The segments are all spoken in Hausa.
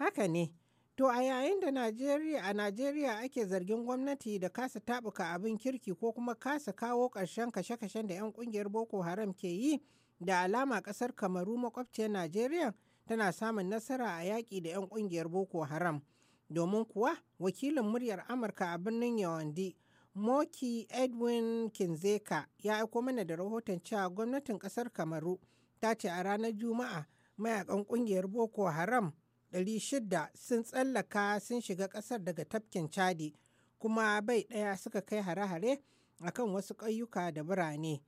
Haka ne, to a yayin da Najeriya a Najeriya ake zargin gwamnati da kasa tabuka abin kirki ko kuma kasa kawo ƙarshen kashe-kashen da 'yan ƙungiyar Boko Haram ke yi da alama ƙasar Kamaru makwabciyar Najeriya tana samun nasara a yaƙi da 'yan ƙungiyar Boko Haram. Domin kuwa wakilin muryar Amurka a birnin Yawandi, Moki Edwin Kinzeka ya aiko mana da rahoton cewa gwamnatin ƙasar Kamaru ta ce a ranar Juma'a mayakan ƙungiyar Boko Haram 600 sun tsallaka sun shiga ƙasar daga tafkin Chadi kuma bai ɗaya suka kai hare-hare akan wasu ƙauyuka da birane.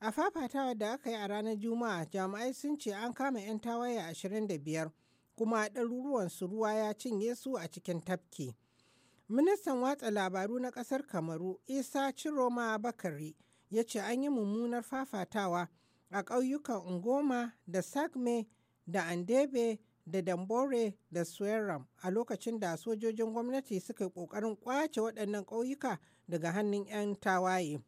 A fafatawa da aka yi a ranar Juma'a jami'ai sun ce an kama 'yan tawaye 25 kuma ɗaruruwan su ruwa ya cinye su a cikin tafki. Ministan watsa labaru na ƙasar Kamaru Isa Ciroma Bakari ya ce an yi mummunar fafatawa a ƙauyukan Ngoma da Sagme da Andebe da Dambore da Sueram a lokacin da sojojin gwamnati suka yi ƙoƙarin ƙwace waɗannan ƙauyuka daga hannun 'yan tawaye.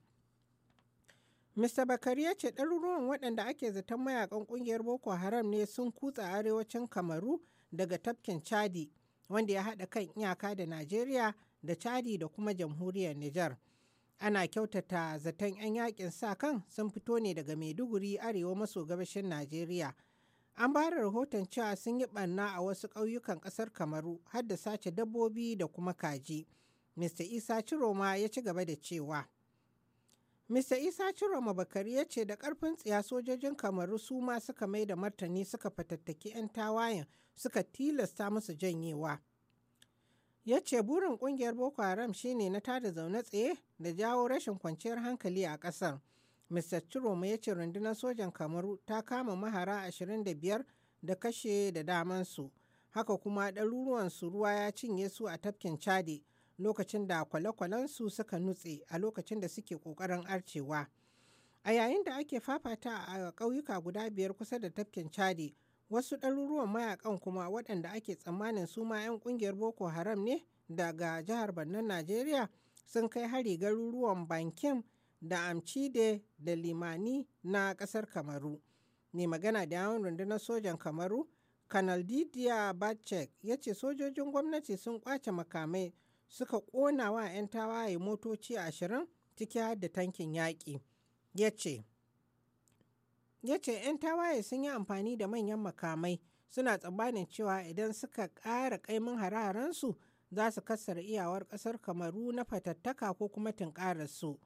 Mr. Bakari ya ce ɗaruruwan waɗanda ake zaton mayakan ƙungiyar Boko Haram ne sun kutsa arewacin Kamaru daga tafkin Chadi wanda ya haɗa kan iyaka da Najeriya da Chadi da kuma jamhuriyar Nijar. Ana kyautata zaton 'yan yakin sa kan sun fito ne daga Maiduguri arewa maso gabashin Najeriya. An ba da rahoton cewa sun yi ɓanna a wasu ƙauyukan ƙasar Kamaru har da sace dabbobi da kuma kaji. Mr. Isa Ciroma ya ci gaba da cewa. Mr. Isa Ciroma Bakari ya ce da ƙarfin tsiya sojojin Kamaru su ma suka mai da martani suka fatattaki 'yan tawayen suka tilasta musu janyewa. ya ce burin ƙungiyar boko haram shine na tada zaune tsaye da jawo rashin kwanciyar hankali a ƙasar. Mr. Chiroma ya ce rundunar sojan Kamaru ta kama mahara 25 da kashe da damansu. Haka kuma ɗaruruwan su ruwa ya cinye su a tafkin Chadi lokacin da kwale-kwalensu suka nutse a lokacin da suke ƙoƙarin arcewa. A yayin da ake fafata a ƙauyuka guda biyar kusa da tafkin Chadi, wasu ɗaruruwan mayakan kuma waɗanda ake tsammanin su ma 'yan ƙungiyar Boko Haram ne daga jihar Bannan Najeriya sun kai hari garuruwan bankin. da Amcide da Limani na ƙasar Kamaru. Mai magana da yawon rundunar sojan Kamaru, Kanal Didier Bacek ya ce sojojin gwamnati sun ƙwace makamai suka ƙona wa 'yan tawaye motoci ashirin ciki har da tankin yaƙi. Ya ce, ya ce 'yan tawaye sun yi amfani da manyan makamai suna tsammanin cewa idan suka ƙara ƙaimin hare-harensu za su kassara iyawar ƙasar kamaru na fatattaka ko kuma tunƙararsu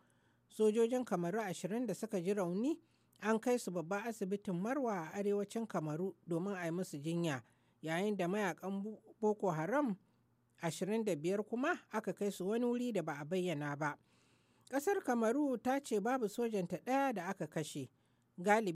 sojojin kamaru ashirin da suka ji rauni an kai su babban asibitin marwa a arewacin kamaru domin a yi musu jinya yayin da mayakan boko haram 25 kuma aka kai su wani wuri da ba a bayyana ba ƙasar kamaru ta ce babu sojanta ɗaya da aka kashe galibi